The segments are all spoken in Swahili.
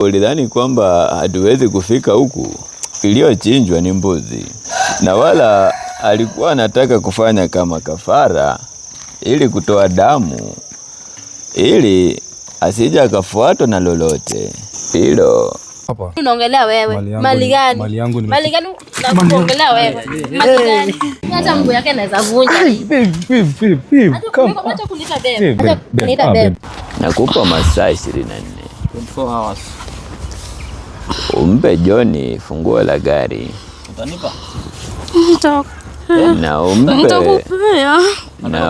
Ulidhani kwamba hatuwezi kufika huku? Iliyochinjwa ni mbuzi, na wala alikuwa anataka kufanya kama kafara ili kutoa damu, ili asije akafuatwa na lolote hilo. Unaongelea wewe mali gani? Mali yangu ni mali gani? Unaongelea wewe mali gani? Hata mguu yake anaweza vunja. Acha kuniita babe, nakupa masaa 24 24 hours umpe John funguo la gari utanipa? Eh, na umpe na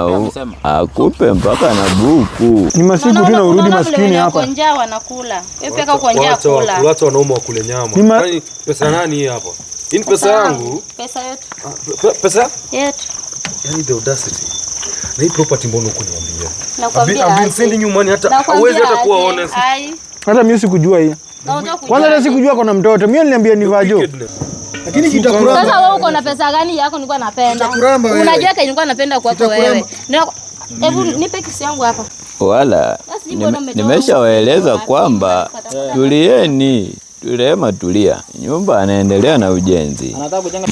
akupe mpaka na buku. Ni masiku tu na urudi maskini hapa. Watu wanauma wakule nyama. Ni yaani, Pesa ah. nani hii hapa? Hii ni pesa yangu. Pesa yetu. Ah, pesa yetu. Yaani the audacity. Na hii property mbona uko niambia? ukuniambia? I've been sending you money hata hawezi hata kuwa honest. Hata mimi sikujua hii. Kwanza hata sikujua kuna mtoto. Mimi niliambia nivajo. Lakini kitakuramba. Sasa wewe uko na pesa gani yako nilikuwa napenda? Unajua kenye nilikuwa napenda kwako wewe. Hebu nipe kisi yangu hapa. Wala nimeshawaeleza kwamba tulieni Rehema tulia, nyumba anaendelea na ujenzi.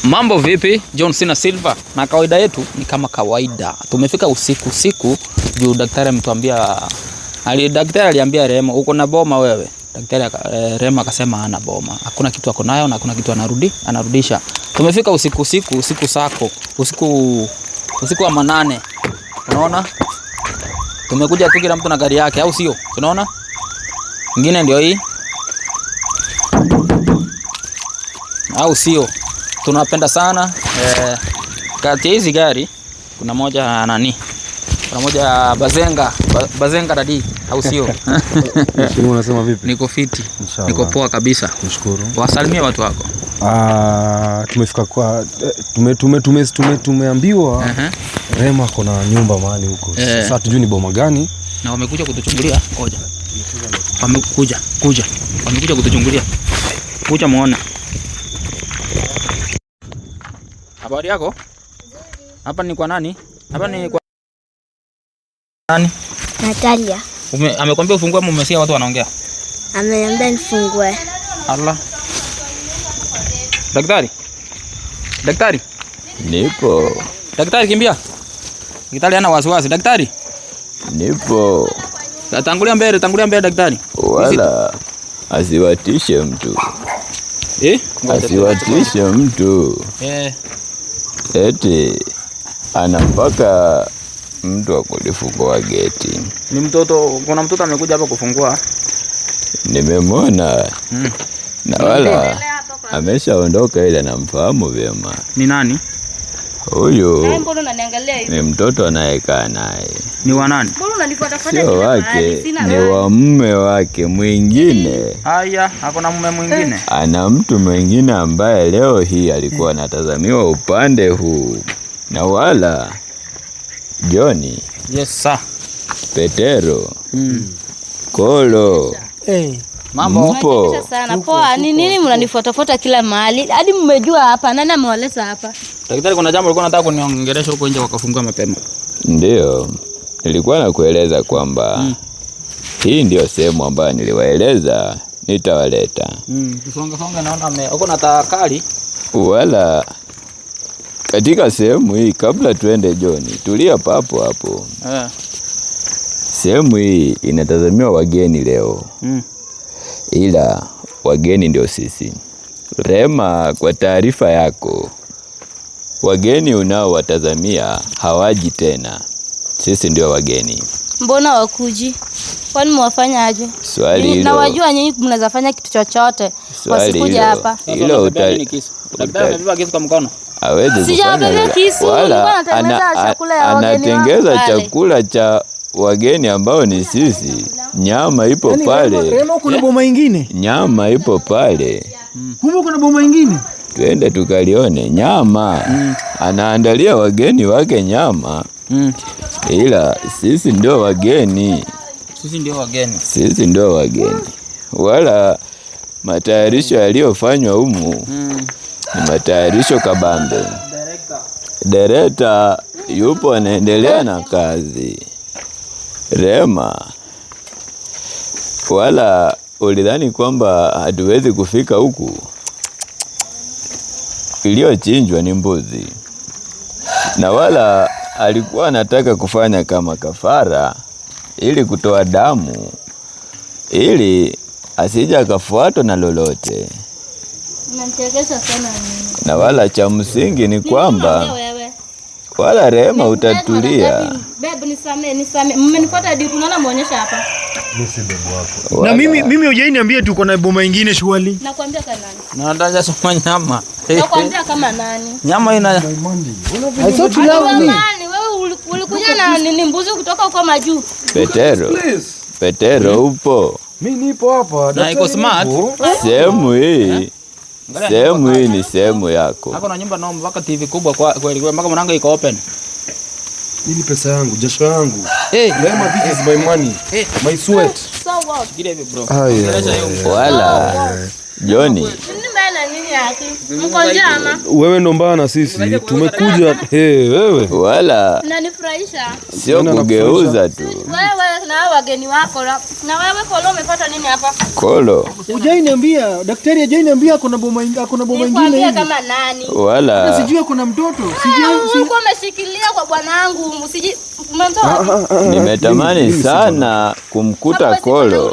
Mambo vipi, John Cena Silva? Na kawaida yetu ni kama kawaida, tumefika usiku usiku juu daktari ametuambia ali daktari aliambia Rehema, uko na boma wewe? Daktari eh, Rehema akasema ana boma, hakuna kitu ako nayo na hakuna kitu anarudi anarudisha. Tumefika usiku usiku usiku sako usiku usiku wa manane, unaona tumekuja tu kila mtu na gari yake, au sio? Unaona ingine ndio hii, au sio? Tunapenda sana eh, kati hizi gari kuna moja nani pamoja na Bazenga, Bazenga dadi au sio? Mheshimiwa unasema vipi? Niko fiti. Inshallah. Niko poa kabisa. Nashukuru. Wasalimie watu wako. Ah, tumefika kwa tume tume tume tume tumeambiwa Rema kuna nyumba mahali huko. Eh. Sasa tujui ni boma gani? Na wamekuja kutuchungulia. Ngoja. Wamekuja, kuja. Wamekuja kutuchungulia. Kuja muone. Habari yako? Hapa ni kwa nani? Hapa ni kwa nani? Natalia. Ume, amekwambia ufungue ama umesikia watu wanaongea? Ameniambia nifungue. Allah. Daktari. Daktari. Nipo. Daktari kimbia. Daktari ana wasiwasi. Daktari. Nipo. Tangulia mbele, tangulia mbele daktari. Wala asiwatishe mtu. Eh? Asiwatishe mtu. Eh. Eti ana mpaka mtu akulifungua geti. Ni mtoto, kuna mtoto amekuja hapa kufungua, nimemwona mm. na wala ameshaondoka, ile namfahamu vyema. Ni nani huyu? Ni mtoto anayekaa naye. Ni wa nani? Sio wake, ni wa mume wake mwingine. Haya, hakuna mume mwingine, ana mtu mwingine ambaye leo hii alikuwa anatazamiwa upande huu na wala Joni. Yes sir. Petero. Mm. Kolo. Hey. Eh. Mambo mpo sana. Poa, ni nini mnanifuatafuata kila mahali? Hadi mmejua hapa nani amewaleta hapa? Daktari, kuna jambo ulikuwa unataka kuniongelesha huko nje wakafungua mapema. Ndio. Nilikuwa nakueleza kwamba mm. Hii ndio sehemu ambayo niliwaeleza nitawaleta. Mm. Songa songa, naona ame. Huko na taakali. Wala katika sehemu hii, kabla tuende Joni, tulia papo hapo. Eh. Sehemu hii inatazamiwa wageni leo mm, ila wageni ndio sisi. Rema, kwa taarifa yako, wageni unaowatazamia hawaji tena, sisi ndio wageni. Mbona wakuji? Kwani mwafanyaje? Swali hilo. Nawajua nyinyi mnaweza fanya kitu chochote wasikuje hapa. Hilo kwa mkono aweze ah, wala anatengeza chakula cha wageni ambao ni sisi. Nyama ipo yaani, pale, kuna boma ingine, nyama ipo pale huko, hmm. kuna boma ingine, twende tukalione nyama. Hmm. Anaandalia wageni wake nyama, hmm. ila sisi ndio wageni, sisi ndio wageni, sisi ndio wageni, wala matayarisho yaliyofanywa humu Matayarisho kabambe. Dereta yupo anaendelea na kazi. Rema, wala ulidhani kwamba hatuwezi kufika huku? Iliyochinjwa ni mbuzi, na wala alikuwa anataka kufanya kama kafara ili kutoa damu, ili asije akafuatwa na lolote na wala cha msingi ni kwamba wala Rehema utatulia. Na mimi mimi hujai tuko na boma ingine shwali. Nakwambia kama nani? Nataka soma nyama. Nakwambia kama nani? Nyama ina wewe ulikuja na nini mbuzi kutoka huko majuu. Petero. Petero upo. Mimi nipo hapa. Na iko smart. Sehemu hii. Eh? Sehemu hii ni sehemu yako. Hako na nyumba nao mpaka TV kubwa kwa kweli kwa mpaka mlango iko open. Nini pesa yangu, jasho yangu. Hey, eh. my is my money, hey, eh. my sweat. So what? Give it bro. Wala. Johnny. Wewe ndo na sisi tumekuja hey, wewe wala sio kugeuza tu wewe na wageni wako na wewe kolo umepata nini hapa? Kolo hujaniambia daktari, kuna boma kuna boma kama nani? Wala sijui kuna mtoto ah, sijui uko umeshikilia kwa nimetamani sana kumkuta kolo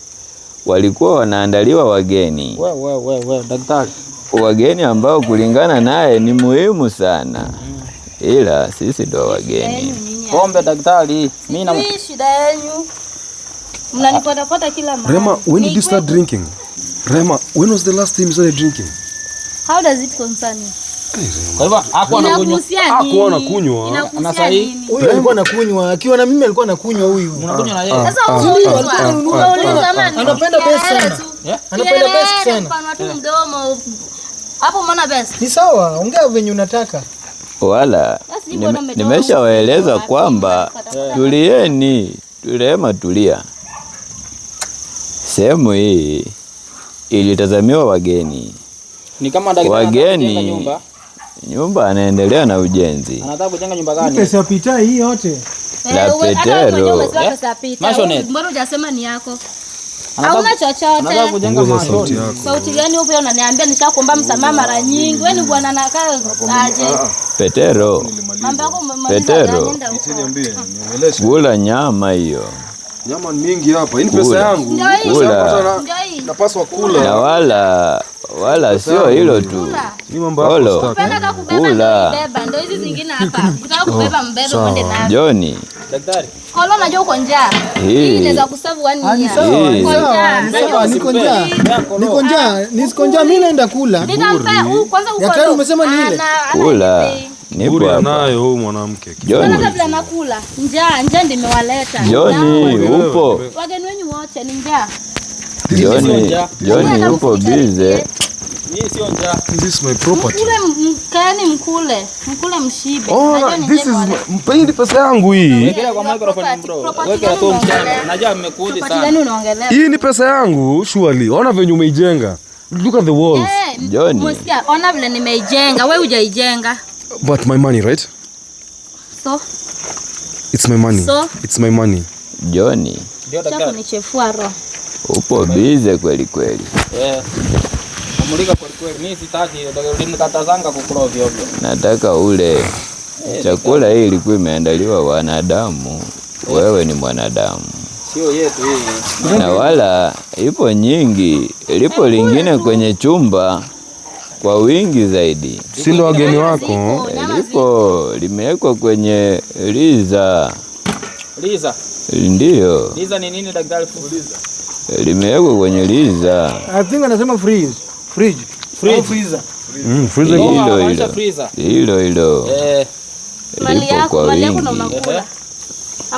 walikuwa wanaandaliwa wageni we, we, we, we, daktari, wageni ambao kulingana naye ni muhimu sana, mm. ila sisi ndo wageni. Pombe daktari, mimi na shida yenu mnanifuatafuata kila mara. Rema, when did you start drinking? Rema, when was the last time you started drinking? How does it concern you? Kwa hivyo hakuwa anakunywa na sasa huyu alikuwa anakunywa akiwa na mimi alikuwa anakunywa huyu. Unakunywa na yeye. Sasa ah, ah, ah, anapenda best sana. Anapenda best sana. Eh? Eh. Hapo best. Ni sawa, ongea venye unataka. Wala nimeshawaeleza kwamba tulieni, Rehema tulia. Sehemu hii ilitazamiwa wageni. Ni kama wageni nyumba anaendelea na ujenzi. Anataka kujenga nyumba gani? Pesa pita hii yote. Eh, La petero. Eh, mbona hujasema ni yako? Hauna chochote. Sauti gani upo unaniambia nishakuomba msamaha mara nyingi. Wewe ni bwana anakaa aje? Ah. Petero. Mambo yako mama. Petero. Gula nyama hiyo. Nyama mingi hapa. Yaani hii ni pesa yangu. Napaswa kula. Na wala wala sio hilo tu, Joni niko njaa, nisiko njaa mimi naenda kula. Daktari umesema nile kula nayo mwanamke Joni, upo? Wageni wenyu wote ni njaa. Joni yupo bize. This is my property. Mkani mkule, mkule mshibe. Oh, this is ni pesa yangu hii. Hii ni pesa yangu surely. Ona venye umeijenga. Look at the walls. Eh, Joni. Ona vile nimeijenga, wewe hujaijenga. But my money, right? So? It's my money. So? It's my money. Joni. Upo bize kweli kweli. Yeah. Nataka ule eh, chakula hii ilikuwa imeandaliwa wanadamu, eh. wewe ni mwanadamu Sio yetu hii. Na wala ipo nyingi, lipo lingine kwenye chumba kwa wingi zaidi, si ndo wageni wako? Eh, lipo limewekwa kwenye liza. Liza. Ndiyo. Liza ni nini daktari? Liza. Limewekwa kwenye liza. I think anasema freeze. Fridge. Fridge. Freezer. Mm, freezer hilo hilo. Hilo hilo. Eh. Lipo kwa wingi.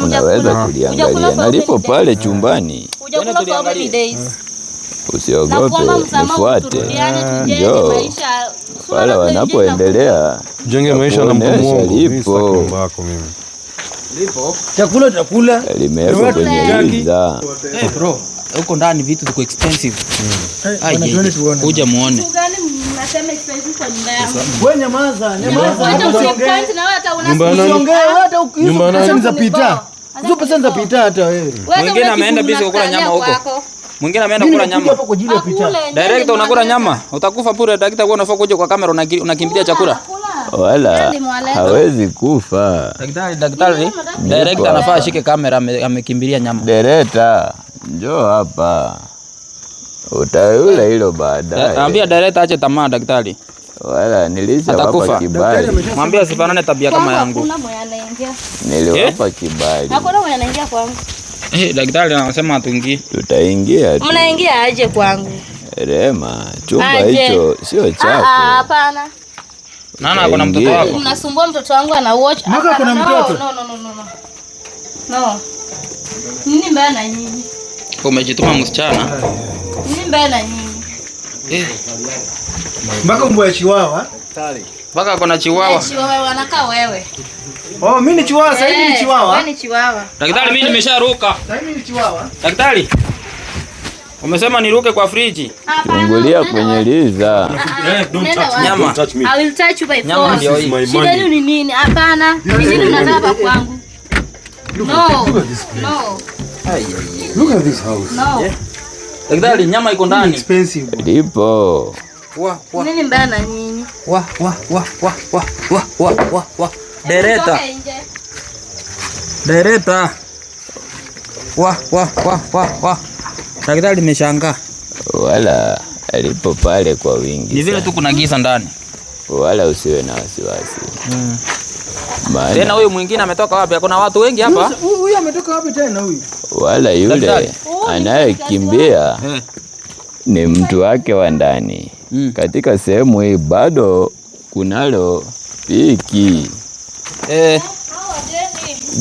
Unaweza kuliangalia. Nalipo pale chumbani. Usiogope, nifuate. Njoo. Wala wanapoendelea. Jenge maisha na mkomo. Lipo. Chakula chakula. Limewekwa kwenye liza. Hey bro huko ndani vitu ziko expensive. Kuja muone. Mwingine ameenda kukula nyama huko. Mwingine ameenda kula nyama. unakula nyama, utakufa pure dakika kwa unafaa kuja kwa kamera unakimbilia chakula. Wala hawezi kufa. Daktari, daktari, anafaa ashike kamera amekimbilia nyama. Njoo hapa utaula hilo baadaye. Naambia director ache tamaa daktari. Wala nilishawapa kibali. Mwambie asifanane tabia kama yangu. Niliwapa eh? kibali. Hakuna mwenye anaingia kwangu. Eh, daktari anasema tuingie. Tutaingia tu. Mnaingia aje kwangu? Rema, chumba hicho sio ah, chako. Ah, hapana. Nana kuna mtoto wako. Mnasumbua mtoto wangu ana watch. Naka kuna mtoto. No, no, no, no. No. Nini mbaya na nyinyi? Umejituma msichana eh. mpaka mbwa ya chiwawa mpaka kona chiwawa. Oh, mimi ni chiwawa sasa hivi ni eh, chiwawa. Daktari, mimi nimesharuka. Sasa hivi ni chiwawa. Daktari. Umesema niruke kwa friji. Ungulia kwenye liza. Ah, Don't touch Nyama. I will touch you by force. Shida yenu ni nini? Hapana. Mimi ninataka kwangu. No. No. Look at this house. No. Yeah. Like that, nyama iko ndani. Expensive. Ndipo. Wa, wa. Nini mbaya nini? Wa, wa, wa, wa, wa, wa, wa, wa, wa. Dereta. Dereta. Wa, wa, wa, wa, wa. Daktari limeshangaa. Wala alipo pale kwa wingi. Ni vile tu kuna giza ndani. Wala usiwe na wasiwasi. Mm. Tena huyu mwingine ametoka wapi? Kuna watu wengi hapa. Huyu ametoka wapi tena huyu? Wala yule anayekimbia eh. ni mtu wake wa ndani. Mm. Katika sehemu hii bado kunalo piki. Eh.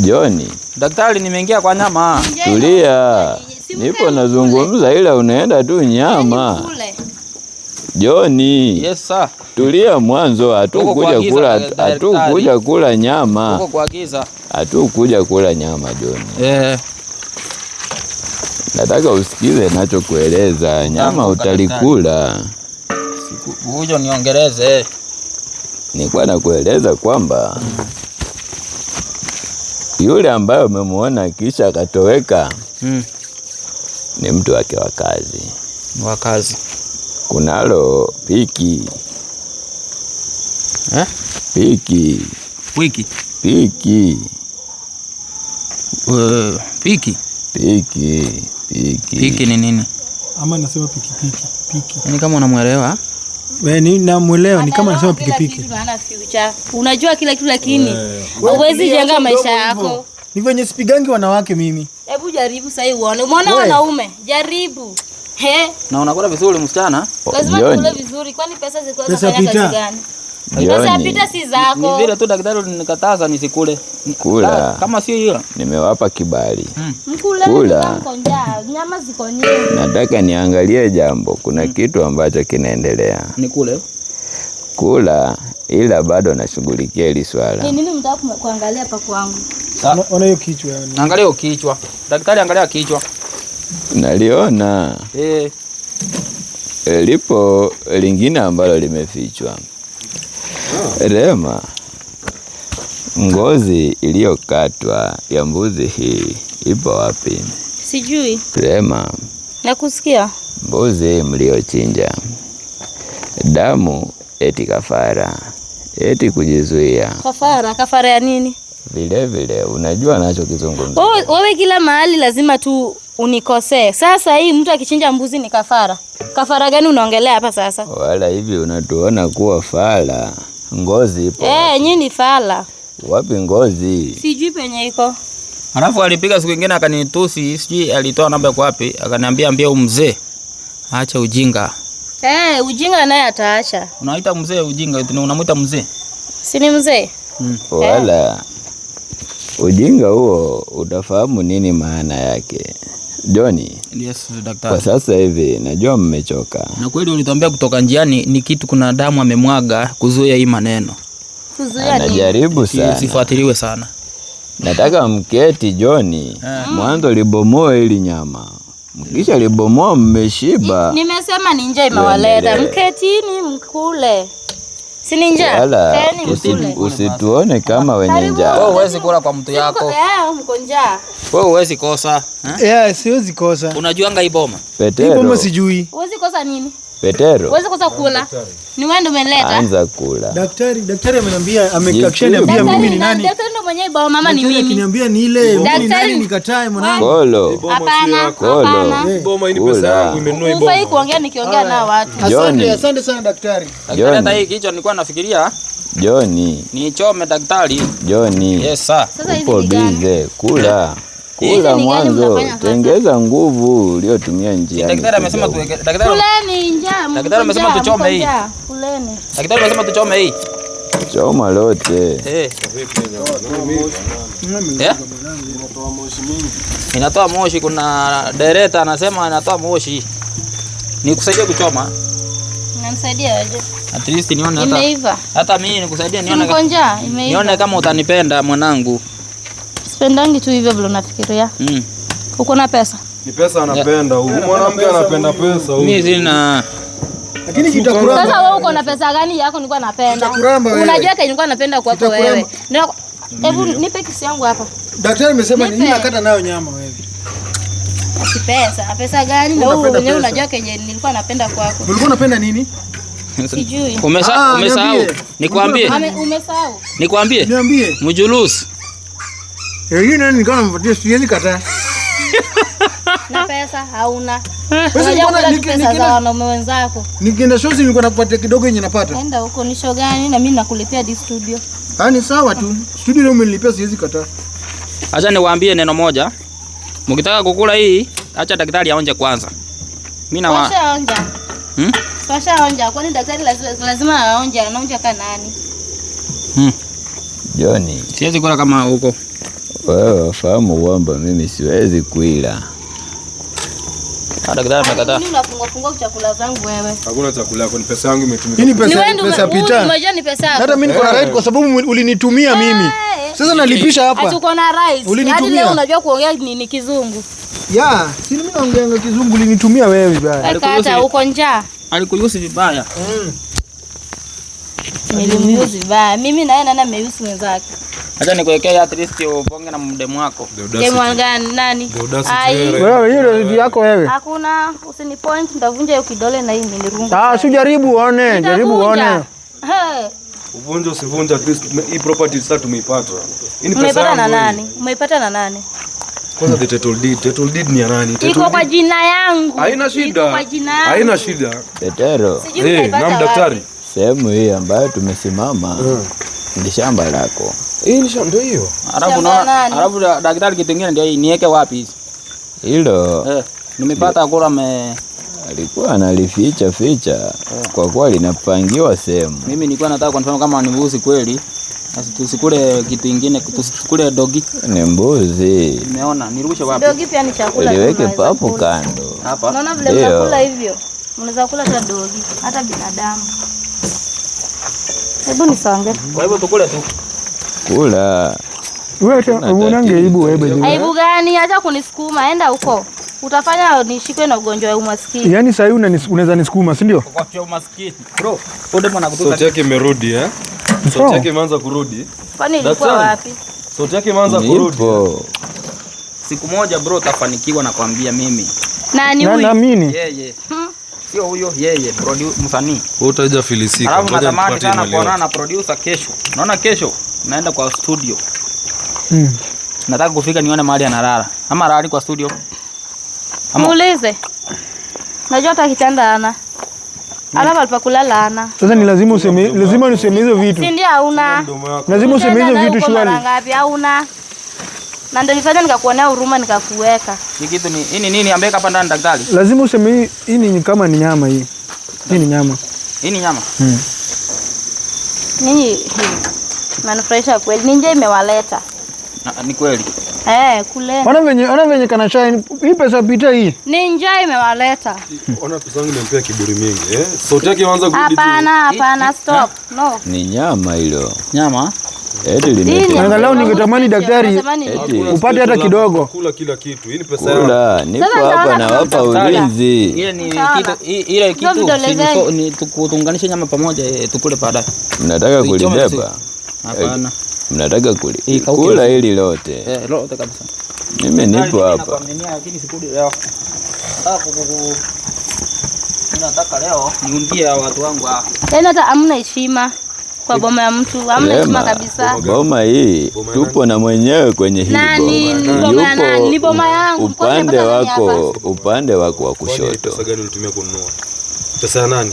Joni, daktari, nimeingia kwa nyama. Tulia, nipo nazungumza, ila unaenda tu nyama. Joni. Yes sir. Tulia mwanzo, hatukuja kula hatukuja kula nyama. Tuko kuja Hatukuja kula nyama Joni. Eh. Nataka usikize nachokueleza, nyama utalikula. Siku niongereze. Nilikuwa nakueleza kwamba yule ambaye umemwona kisha akatoweka, mm. ni mtu wake wa kazi. Wa kazi kunalo piki eh? piki wiki piki uh, piki piki piki piki ni nini? Ama nasema pikipiki piki. Ni kama unamwelewa ni namwelewa, ni kama anasema pikipiki. Unajua kila kitu lakini huwezi jenga maisha yako. Ni venye sipigangi wanawake mimi. Hebu jaribu sasa uone. Umeona wanaume, jaribu na unakula vizuri msichana? Lazima tukule vizuri kwani pesa zikuwa zinafanya kazi gani? Pesa pita si zako. Ni vile tu daktari ulinikataza nisikule. Kula. Ah, kama sio hiyo. Nimewapa kibali. Hmm. Mkula. Kula. Nyama ziko nyingi. Nataka niangalie jambo. Kuna hmm. kitu ambacho kinaendelea. Nikule. Kula ila bado nashughulikia hili swala. Ni nini mtaka kuangalia pa kwangu? Ona hiyo kichwa. Angalia hiyo kichwa. Daktari, angalia kichwa naliona eh. eh, lipo lingine ambalo limefichwa oh. Ah. Rema, ngozi iliyokatwa ya mbuzi hii ipo wapi? Sijui. Rema, nakusikia. Mbuzi mliochinja, damu eti kafara, eti kujizuia. Kafara, kafara ya nini? Vilevile unajua anachokizungumza wewe, kila mahali lazima tu unikosee. Sasa hii mtu akichinja mbuzi ni kafara. Kafara gani unaongelea hapa sasa? Wala hivi unatuona kuwa fala? Ngozi ipo. Eh, nyinyi ni fala. Wapi ngozi? Sijui penye iko. Alafu alipiga siku nyingine akanitusi, sijui alitoa namba kwa wapi, akaniambia ambia umzee. Acha ujinga. Eh, ujinga naye ataacha. Unaita mzee ujinga, unamuita mzee? Si ni mzee? Hmm. Wala. Eh. Ujinga huo utafahamu nini maana yake? Joni, yes, daktari. Kwa sasa hivi najua mmechoka. Na kweli ulitwambia kutoka njiani ni kitu kuna damu amemwaga kuzuia hii maneno. Kuzuia nini? Anajaribu sana. Usifuatiliwe sana. Nataka mketi Joni, eh. mwanzo libomoe ili nyama. Mkisha libomoa mmeshiba. Nimesema ni njaa imewaleta. Mketini mkule. Sini njaa. Usituone kama wenye njaa. Wewe huwezi kula kwa mtu yako. Eh, Wewe huwezi kosa. Eh? eh, siwezi kosa. Unajuanga hii boma? Hii boma sijui. Huwezi kosa nini? Petero. Uweze kwanza kula. Ni wewe ndio umeleta. Anza kula. Daktari, daktari ameniambia amekishaniambia mimi ni nani? Daktari ndio mwenyewe baba mama ni mimi. Akiniambia ni ile mimi nani nikatae mwanangu. Kolo. Hapana. Kolo. Boma hii ni pesa yangu imenunua hii boma. Ufai kuongea nikiongea na watu. Asante, asante sana daktari. Daktari hata hii kichwa nilikuwa nafikiria. Joni. Nichome daktari. Joni. Yes sir. Sasa hizi ni gani? Kula kula yaani mwanzo, tengeza nguvu uliotumia njiani. Daktari amesema tuchome hii, Kuleni. daktari amesema tuchome hii, choma lote, eh. Eh? inatoa moshi. Kuna dereta anasema inatoa moshi, nikusaidie kuchoma at least nione hata mimi, nikusaidie nione kama utanipenda mwanangu. Sipendangi tu hivyo vile unafikiria. Mm. Uko na pesa? Ni pesa anapenda huyu. Mwanamke anapenda pesa huyu. Mimi sina. Lakini kitakuramba. Sasa wewe uko na pesa gani yako nilikuwa napenda? Kitakuramba wewe. Unajua kile nilikuwa napenda kwako wewe. Hebu nipe kisi yangu hapa. Daktari amesema nini nakata nayo nyama wewe. Si pesa, pesa gani? Na wewe mwenyewe unajua kenye nilikuwa napenda kwako. Ulikuwa unapenda nini? Sijui. Ah, umesahau, umesahau. Nikwambie. Umesahau. Nikwambie. Niambie. Mjulusi. Eh, hiyo nikawa nampatia siwezi kataa. Na pesa hauna. Pesa mbona za wanaume wenzako? Nikienda kidogo yenye napata. Enda huko ni show gani na mimi di studio. Ah, sawa tu. Studio leo umenilipia siwezi Acha niwaambie neno moja. Mkitaka kukula hii, acha daktari aonje kwanza. Mimi na wa... Acha Hmm? Acha Kwani daktari lazima lazima aonje, nani? Hmm. Joni. Siwezi kula kama huko wewe wafahamu kwamba mimi siwezi kuila. Ah, hata mimi niko na eh. right kwa sababu ulinitumia eh. mimi. Sasa nalipisha hapa. Ah, na right. Yaani ulinitumia. Unajua kuongea ni kizungu. Ya, si mimi naongea kizungu ulinitumia wewe bwana. Hata uko njaa. Alikuhusu vibaya. Mm. Nilimiuzi vibaya. Mimi na yeye nani ameusi mwenzake. Acha nikuwekee at least uponge na mdemu wako. Demu gani nani? Wewe hiyo ndio yako wewe. Hakuna, usini point nitavunja hiyo kidole na hii nilirunga. Ah, si jaribu uone, jaribu uone. Hey. Uvunje at least hii property sasa tumeipata. Umeipata na nani? Umeipata na nani? Kwanza the title deed. Title deed ni ya nani? Iko kwa jina yangu. Haina shida. Haina shida. Tetero. Eh, na daktari sehemu hii ambayo tumesimama mm. Ndi shamba lako Hii ni shamba hiyo. Alafu na alafu daktari kitengene ndio hii niweke wapi hizi? Hilo eh, nimepata kula me alikuwa analificha ficha eh, kwa kuwa linapangiwa sehemu. Mimi nilikuwa nataka confirm kama ni mbuzi kweli, basi tusikule kitu kingine, tusikule dogi. Ni mbuzi. Nimeona nirushe wapi? Dogi pia ni chakula. Liweke papo kando. Hapa. Unaona vile mnakula hivyo. Mnaweza kula hata dogi, hata binadamu. Hebu nisonge. Kwa hivyo tukule tu. Kula. Wewe unange aibu wewe. Aibu gani? Acha kunisukuma, enda huko. Utafanya nishikwe na ugonjwa wa umaskini. Yaani sasa hivi unaweza nisukuma, si ndio? Kwa kwa umaskini. Bro, ode mwana kutoka. Sauti yake imerudi eh? Sauti yake imeanza kurudi. Kwani ilikuwa wapi? Sauti yake imeanza kurudi. Eh? Siku moja bro utafanikiwa nakwambia mimi. Nani huyu? Naamini. Yeah, yeah. Hmm sio huyo yeye msanii. utaja filisika alafu natamani sana kuonana na producer kesho. Naona kesho naenda kwa studio mm. Nataka kufika nione mahali analala ama rali kwa studio Muulize, najua hata kitanda ana hmm. alafu alipakulala ana. Sasa ni lazima useme, lazima useme hizo vitu. Si ndio hauna. Lazima useme hizo vitu shwari. Hauna na ndio nifanya nikakuonea huruma nikakuweka. Ni kitu ni hii ni nini ambeka hapa ndani daktari? Lazima useme hii ni kama ni nyama hii. Hii ni nyama. Hii ni nyama. Mm. Nini Manufresha kweli. Ninje imewaleta. Ni kweli. Eh, kule. Ona venye ona venye kana shine. Hii pesa pita hii. Ninje imewaleta. Ona pesa yangu nimempea kiburi mingi, eh. Sauti yake inaanza kurudi. Hapana, hapana, stop. No. Ni nyama hilo. Nyama? Angalau ningetamani daktari upate hata kidogo. Kula kila kitu. Hii ni pesa yangu. Kula, hapa na wapa ulinzi. Ile kitu ni nyama pamoja eh, tukule baadaye. Mnataka kulibeba? Hapana. Mnataka kula hili lote? Eh, lote kabisa. Mimi nipo hapa. Nataka leo niundie watu wangu hapa. Tena hata heshima kwa boma ya mtu amna heshima kabisa. Boma hii tupo na mwenyewe kwenye hii nani, boma yangu, upande wako upande wako wa kushoto.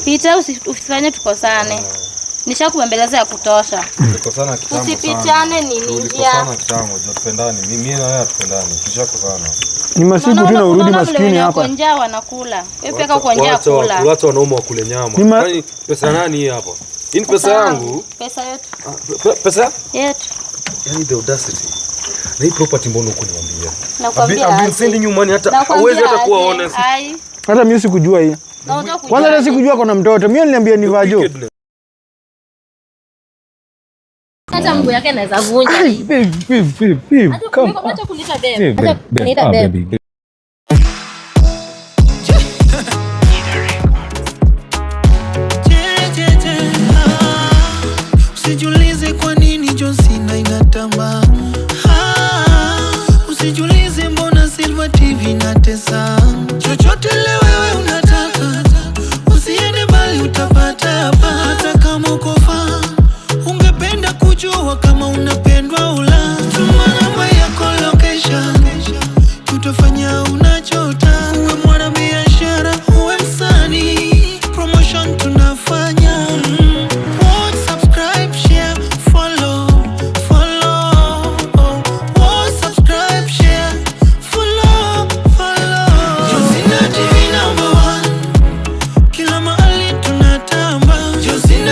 Pita, usifanye tukosane, ah. nishakubembeleza ya kutosha. Usipitane ni njia ni masiku tu naurudi maskini hapa. Njaa wanakula. Wewe peka uko njaa kula. Watu wanaume wakule nyama. Pesa nani hii hapa? Hii ni yaani pesa yangu. Pesa yetu. Ah, pesa yetu. Yaani the audacity. Na hii property mbona uko niambia? Nakwambia. I've been sending you money hata hauwezi hata kuwa honest. Hata mimi sikujua hii. Kwanza hata sikujua kuna mtoto. Mimi niliambia ni vajo. Hata mguu yake anaweza vunja. Babe, babe, babe. Hata kulita bebe. Hata kulita babe. did you leave?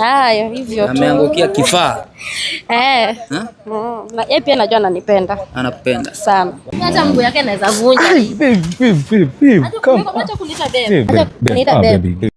Hayo hivyo tu. Ameangukia kifaa. Eh. Mm. Na yeye pia anajua ananipenda. Anakupenda sana. Hata mguu yake anaweza vunja. Baby, kunita bebe. Kuniita baby.